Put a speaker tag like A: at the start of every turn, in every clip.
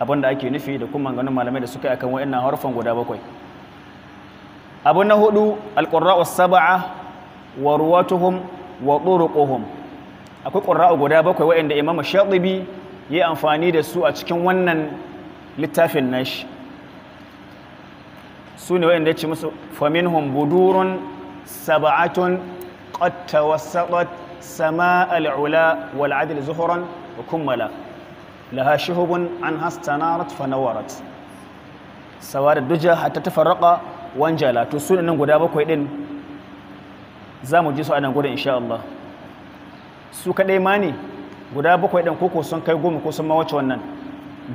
A: abin da ake nufi da kuma ganin malamai da suka yi akan wa'in na harfan guda bakwai abu na hudu alƙurra'u saba'a wa ruwatuhum wa turuquhum akwai ƙurra'u guda bakwai wa'in wa'anda imama ya yi amfani da su a cikin wannan littafin nashi su ne wa'in ya ci musu faminhum budurun saba'atun ƙatta tawassatat sama'al ula wal zuhuran wa kummala laha shuhubun an hastanarat fanawarat sawa da duja hatta tafarraqa wanjala to sunan nan guda bakwai za mu ji su a nan gudun insha Allah su kaɗai ma ne guda bakwai ɗin koko sun kai goma ko sun mawace wannan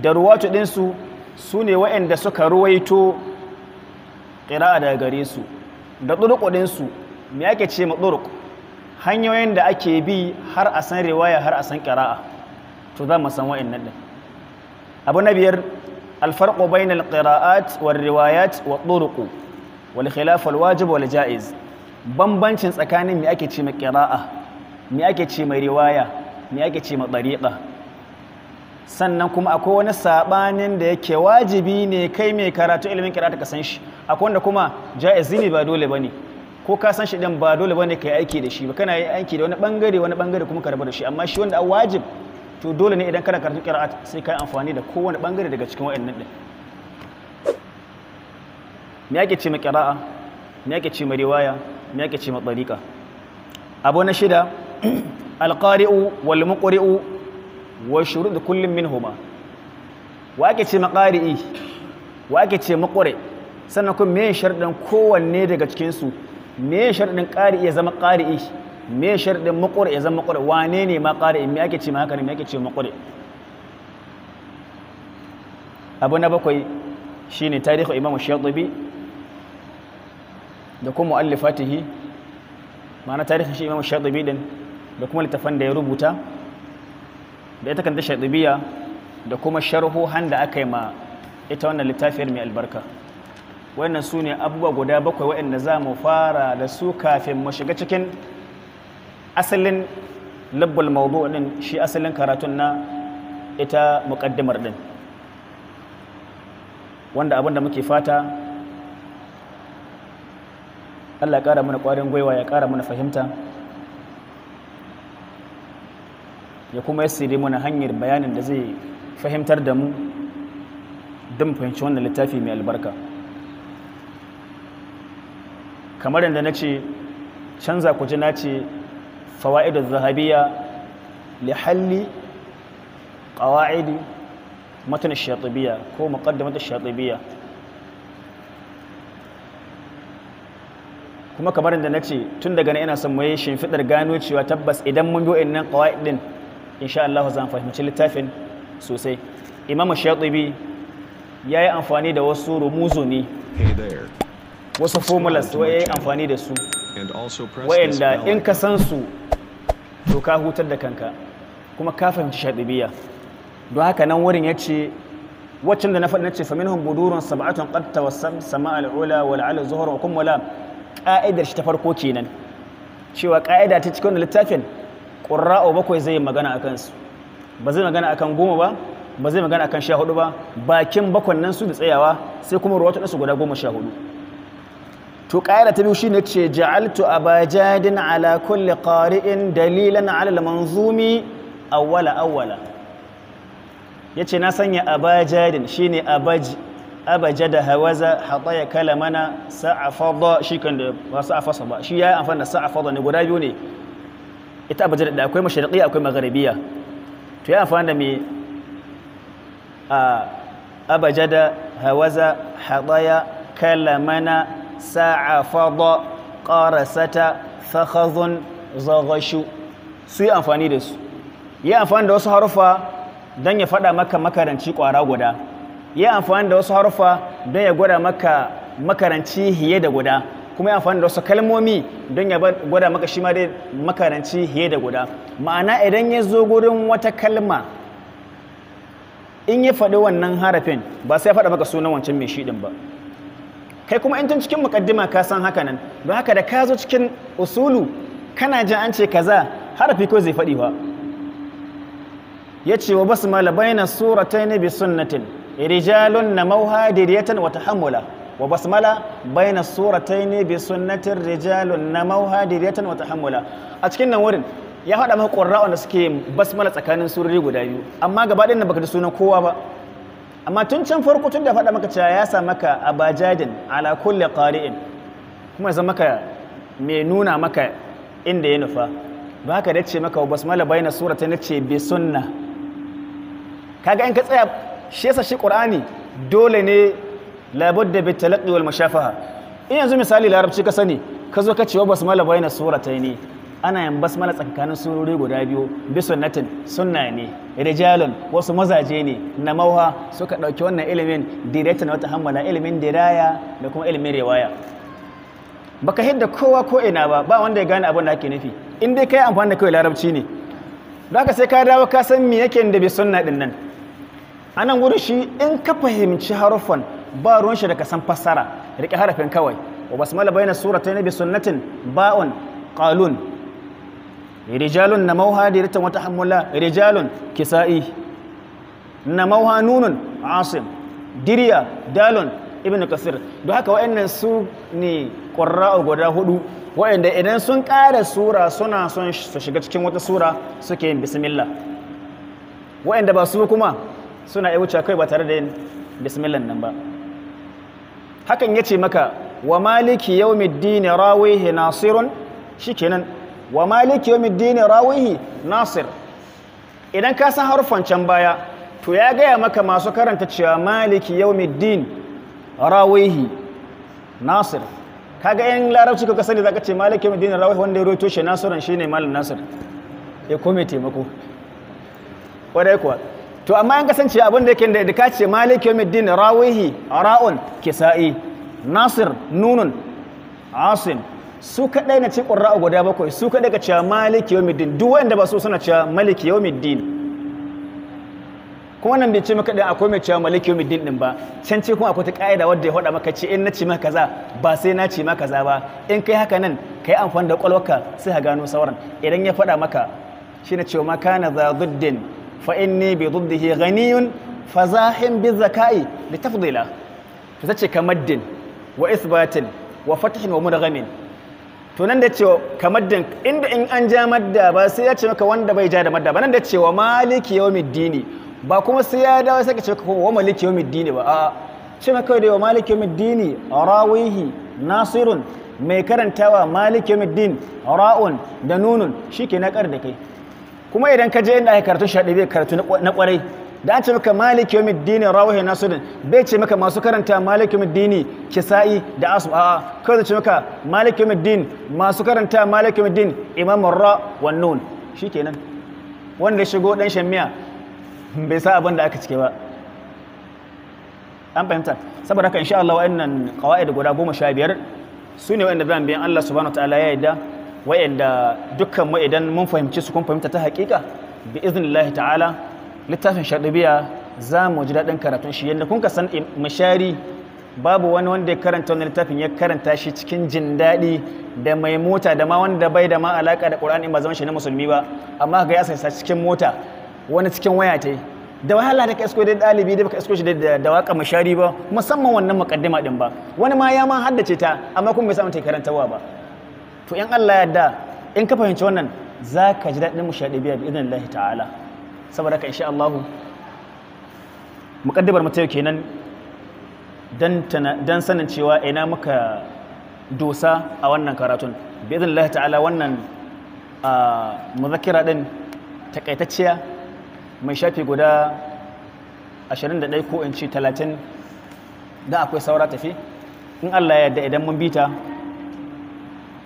A: da ruwatu ɗinsu su ne waɗanda suka ruwaito ƙira'a daga gare su da ɗurƙu ɗinsu me ake ce ma ɗurƙu hanyoyin da ake bi har a san riwaya har a san ƙira'a to za mu san wa'annan din abu na biyar alfarqu bainal qira'at war riwayat wa turuq wal khilaf al wajib wal jaiz bambancin tsakanin me ake ce mai qira'a me ake ce mai riwaya me ake ce mai tariqa sannan kuma akwai wani sabanin da yake wajibi ne kai mai karatu ilimin qira'a ka san shi akwai wanda kuma jaiz ne ba dole bane ko ka san shi din ba dole bane kai aiki da shi ba kana yi aiki da wani bangare wani bangare kuma ka rabu da shi amma shi wanda wajib to dole ne idan kana karatu qira'at sai kai amfani da kowane bangare daga cikin wayannan din me yake ce ma qira'a me yake ce ma riwaya me yake ce ma tariqa abu na shida alqari'u wal muqri'u wa shurud kullum minhuma wa yake ce ma qari'i wa yake ce muqri sannan kuma me sharɗin kowanne daga cikin su me sharɗin qari'i ya zama qari'i me sharɗin makwari ya zama makwari wane ne ma in me ake ce ma haka me ake ce makwari abu na bakwai shine tarihi imamu shaɗubi da kuma mu'allifatihi ma'ana tarihin shi imamu shaɗubi din da kuma littafan da ya rubuta da ita kanta shaɗubiya da kuma sharhu, da aka yi ma ita wannan littafiyar mai albarka wannan su ne abubuwa guda bakwai waɗanda za mu fara da su kafin mu shiga cikin asalin labbal mawdu din shi asalin karatun na ita muqaddimar din wanda abin da muke fata Allah ya ƙara mana ƙwarin gwiwa ya ƙara mana fahimta ya kuma ya yassire mana hanyar bayanin da zai fahimtar da mu don fahimci wannan littafi mai albarka kamar yadda na ce canza ku ji na ce فوائد الذهبية لحل قواعد متن ko هو مقدمة الشاطبية kuma kamar da na ce tun daga na ina son mu yi shimfiɗar gano cewa tabbas idan mun bi wa'annan qawaid din insha Allah zan fahimci littafin sosai Imam Shatibi ya yi amfani da wasu rumuzo ne wasu formulas ya yi amfani da su wayanda in ka san su to ka hutar da kanka kuma ka fahimci shaɗibiya don haka nan wurin ya ce waccan da na faɗi na ce hun budurun sab'atun ƙarta wa sama al'ula wa ala zuhar wa ƙa'idar shi ta farko kenan cewa ƙa'ida ta cikin littafin qurra'u bakwai zai magana a kansu, ba zai magana a kan goma ba ba zai magana a kan sha hudu ba bakin bakwan nan su da tsayawa sai kuma ruwatu su guda goma sha hudu to ƙa'ida ta biyu shi ne ce ja'altu abajadin ala kulli qari'in dalilan ala al-manzumi awwala awwala yace na sanya abajadin shi ne abajada hawaza kala mana sa'afada shi kan da ba sa'afasa ba shi ya yi amfana sa'afada ne guda biyu ne ita abajada da akwai mashariqiyya akwai magharibiya to ya amfana me a abajada hawaza kala mana. sa'a fada qarasata fakhadhun zaghashu su yi amfani da su yi amfani da wasu harufa don ya faɗa maka makaranci ƙwara guda yi amfani da wasu harufa don ya gwada maka makaranci hiye da guda kuma ya amfani da wasu kalmomi don ya gwada maka shi ma dai makaranci hiye da guda ma'ana idan ya zo gurin wata kalma in ya faɗi wannan harafin ba sai ya faɗa maka sunan wancan mai shiɗin ba kai kuma in tun cikin mukaddima ka san haka nan don haka da ka zo cikin usulu kana jin an ce kaza harafi ko zai faɗi ba ya ce wa basu malabaina suratai bi sunnatin rijalun na mauha diriyatan wa tahammula wa basmala baina suratayn bi sunnatin rijalun na diriyatan wa tahammula a cikin nan wurin ya haɗa maka ƙurra'un da suke basmala tsakanin surori guda biyu amma gaba ɗin baka da sunan kowa ba amma tun can farko tun da faɗa maka cewa ya sa maka a bajajin ala kulle ƙari'in kuma ya maka mai nuna maka inda ya nufa ba ka dace maka basmala bayna sura na ce bi sunna kaga in ka tsaya shi yasa shi ƙur'ani? dole ne labudda bi talaqqi wal mashafaha in yanzu misali larabci ka sani ka zo ka ce wa basmala bayna ne ana yin basmala tsakanin sunuri guda biyu bi sunnatin sunna ne rijalun wasu mazaje ne na mauha suka ɗauki wannan ilimin na wata hammala ilimin diraya da kuma ilimin riwaya baka hidda kowa ko ina ba ba wanda ya gane abin da ake nufi in dai kai amfani da kawai larabci ne da aka sai ka dawo ka san me yake da bi sunna din nan a nan shi in ka fahimci haruffan ba ruwan shi da ka san fassara Rike harafin kawai wa basmala suratai na bi sunnatin ba'un qalun rijalun na da dirtan wata hamula rijalun kisa'i na mauha nunun asim diriya dalon ibn kasir don haka wa'annan su ne a guda hudu wa'anda idan sun ƙara sura suna son su shiga cikin wata sura suke yin bismillah wa'anda ba su kuma suna iya wuce kai ba tare da yin bismillah nan ba hakan ya ce maka wa maliki yawmiddin rawihi shi kenan wa maliki dini rawihi nasir idan ka san harfan can baya to ya gaya maka masu karanta cewa maliki dini rawihi nasir kaga yin larabci kuka sani ka ce maliki dini rawihi wanda ya roto shi nasiran ne malam nasir ya kome taimako wadai kuwa to amma yin kasance abin da yake da ka ce maliki dini rawihi ra'un kisa'i nasir nunun asin su kaɗai na ci ƙurra'a guda bakwai su kaɗai ka cewa maliki yau middin duk wanda ba su suna cewa maliki yau middin kuma nan bai ce maka ɗin akwai mai cewa maliki yau middin ɗin ba can ce kuma akwai ta ƙa'ida wadda ya faɗa maka ce in na ce maka kaza ba sai na ce maka kaza ba in kai haka nan ka yi amfani da ƙwalwarka sai ka gano sauran idan ya faɗa maka shi na cewa maka na za zuddin fa in ne bi zuddihi ghaniyun fa zahin bi zakai li tafdila ta ce kamar din wa isbatin wa fatahin wa gamin. to nan da cewa kamar din inda in an ja madda ba sai ya ce maka wanda bai ja da madda ba nan da cewa maliki yawmiddini ba kuma sai ya dawo sai ka ce kuma wa maliki yawmiddini ba A ce maka da wa maliki yawmiddini rawihi nasirun mai karantawa maliki yawmiddin ra'un da nunun shike na kar da kai kuma idan ka je inda aka karatu shaɗi bai karatu na kwarai da an ce maka maliki yawmid dini rawahi sudin. bai ce maka masu karanta maliki yawmid dini kisa'i da asu a'a kawai zai ce maka maliki yawmid din masu karanta maliki yawmid din imam ra wa nun nan. wanda shigo dan shammiya bai sa abin da aka cike ba an fahimta saboda haka sha Allah wa'annan qawaid guda 15 su ne wa'anda zan biyan Allah subhanahu Taala) ya yarda wa'anda dukkan mu idan mun fahimci su kun fahimta ta haƙiƙa bi iznillahi ta'ala littafin shaɗabiya za mu ji daɗin karatun shi yadda kun san mashari babu wani wanda ya karanta wani littafin ya karanta shi cikin jin daɗi da mai mota da ma wanda bai da ma alaƙa da ƙur'ani ba zama shi na musulmi ba amma ga ya sa cikin mota wani cikin waya ta da wahala da ka isko da ɗalibi da ka isko shi da waƙa mashari ba musamman wannan muƙaddima ɗin ba wani ma ya ma haddace ta amma kuma bai samu ta karantawa ba to in Allah ya yarda in ka fahimci wannan za ka ji daɗin mushaɗibiya bi idan Allah ta'ala saboda ka insha Allah muqaddimar mu ta yau kenan dan sanin cewa ina muka dosa a wannan karatun bi idhnillah ta'ala wannan muzakira din takaitacciya mai shafi guda 21 ko in ce 30 da akwai saura tafi in Allah ya yarda idan mun bi bita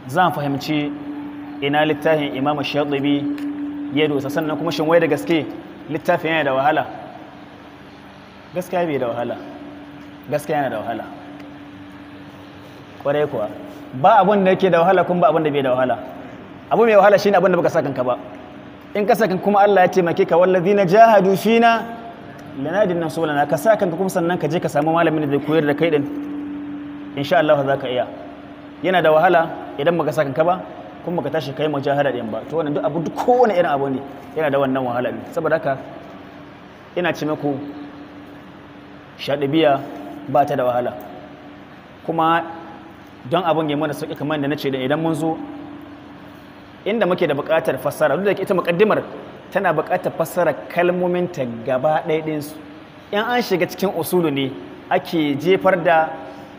A: zan fahimci ina littafin imamu Shatibi ya dosa sannan kuma shin wai da gaske littafin yana da wahala gaskiya bai da wahala gaskiya yana da wahala kwarai kuwa ba abun da yake da wahala kuma ba abun da bai da wahala abu mai wahala shine abun da baka sa kanka ba in ka kanka kuma Allah ya taimake ka na jahadu fina lanadin nan sulana ka sa kanka kuma sannan ka je ka samu malamin da zai koyar da kai din insha Allah za ka iya yana da wahala idan baka sa kanka ba kuma ka tashi kai majahara din ba to wannan duk abu duk kowane irin abu ne yana da wannan wahala ne saboda haka ina ce muku shaɗabiya ba ta da wahala kuma don abin ya mana sauƙi kamar da na ce da idan mun zo inda muke da buƙatar fassara duk da ita muƙaddimar tana buƙatar fassara kalmominta gaba ɗaya in an shiga cikin usulu ne ake jefar da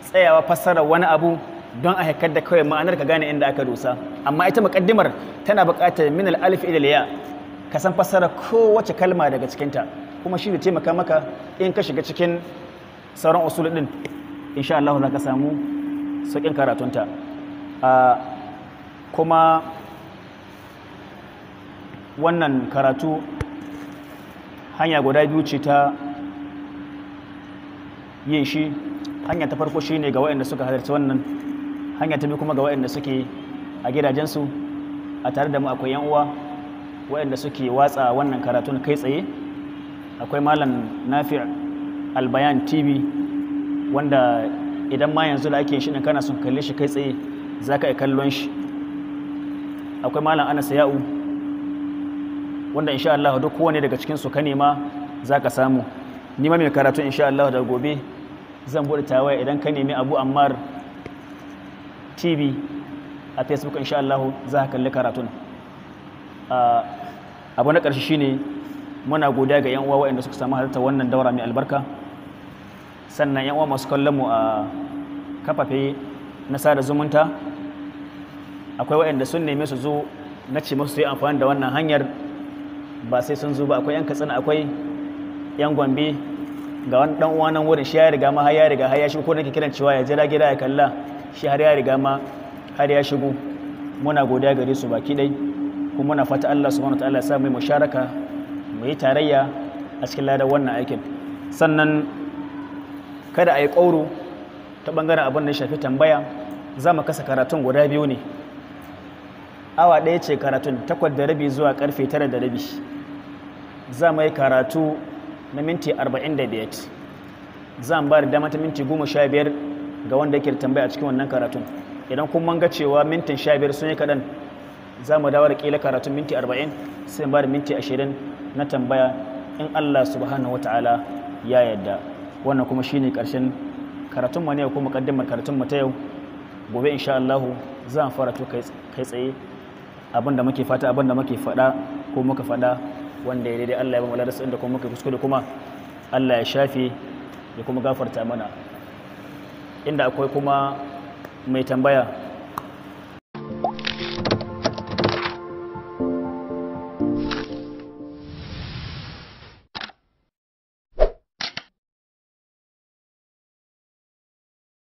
A: tsayawa fassara wani abu don a haikar da kawai ma'anar ka gane inda aka dosa amma ita muƙaddimar tana buƙatar min al'alif ilal ya ka san fassara kowace kalma daga cikinta kuma shi ne taimaka maka in ka shiga cikin sauran usul din insha Allah za ka samu sauƙin karatunta kuma wannan karatu hanya guda biyu ce ta yin shi hanya ta farko shine ga waɗanda suka halarci wannan hanya ta bi kuma ga waɗanda suke a gidajensu a tare da mu akwai yan uwa waɗanda suke watsa wannan karatun kai tsaye akwai malam nafi albayan tv wanda idan ma yanzu da ake shirin kana sun kalle shi kai tsaye za ka yi kallon shi akwai malam anas ya'u wanda insha Allah duk kowane daga cikin su ka nema za ka samu ni ma mai karatu insha Allah da gobe zan bude tawaya idan ka nemi abu ammar tv a facebook insha Allah za ka kalli karatun abu na ƙarshe shine muna godiya ga yan uwa waɗanda suka samu halarta wannan daura mai albarka sannan yan uwa masu kallon mu a kafafe na sada zumunta akwai waɗanda sun neme su zo na ce masu yi amfani da wannan hanyar ba sai sun zo ba akwai yan katsina akwai yan gombe ga wani dan uwa nan wurin shi ya riga ma har ya riga har ya shi ko nake kiran cewa ya jira gida ya kalla shi har ya riga ma har ya shigo muna godiya gare su baki dai kuma muna fata Allah subhanahu wataala ya sa mu musharaka mu yi tarayya a cikin ladan wannan aikin sannan kada a yi ƙauro ta ɓangaren abin da ya shafi tambaya za mu kasa karatun guda biyu ne awa ɗaya ce karatun takwas da rabi zuwa karfe tara da rabi za mu yi karatu na minti arba'in da biyar za mu ba da dama ta minti goma sha biyar ga wanda yake tambaya a cikin wannan karatun idan kun manga cewa mintin sha biyar sun yi kaɗan za mu dawo da ƙila karatun minti arba'in sai ba da minti ashirin na tambaya in allah subhanahu wa ta'ala ya yadda wannan kuma shine ƙarshen karatun mu ne ko muƙaddimar karatun mu ta yau gobe insha allahu za mu fara to kai tsaye abinda muke fata abinda muke faɗa ko muka faɗa wanda ya daidai allah ya ba mu ladarsa inda kuma muka kuskure kuma allah ya shafe ya kuma gafarta mana inda akwai kuma mai tambaya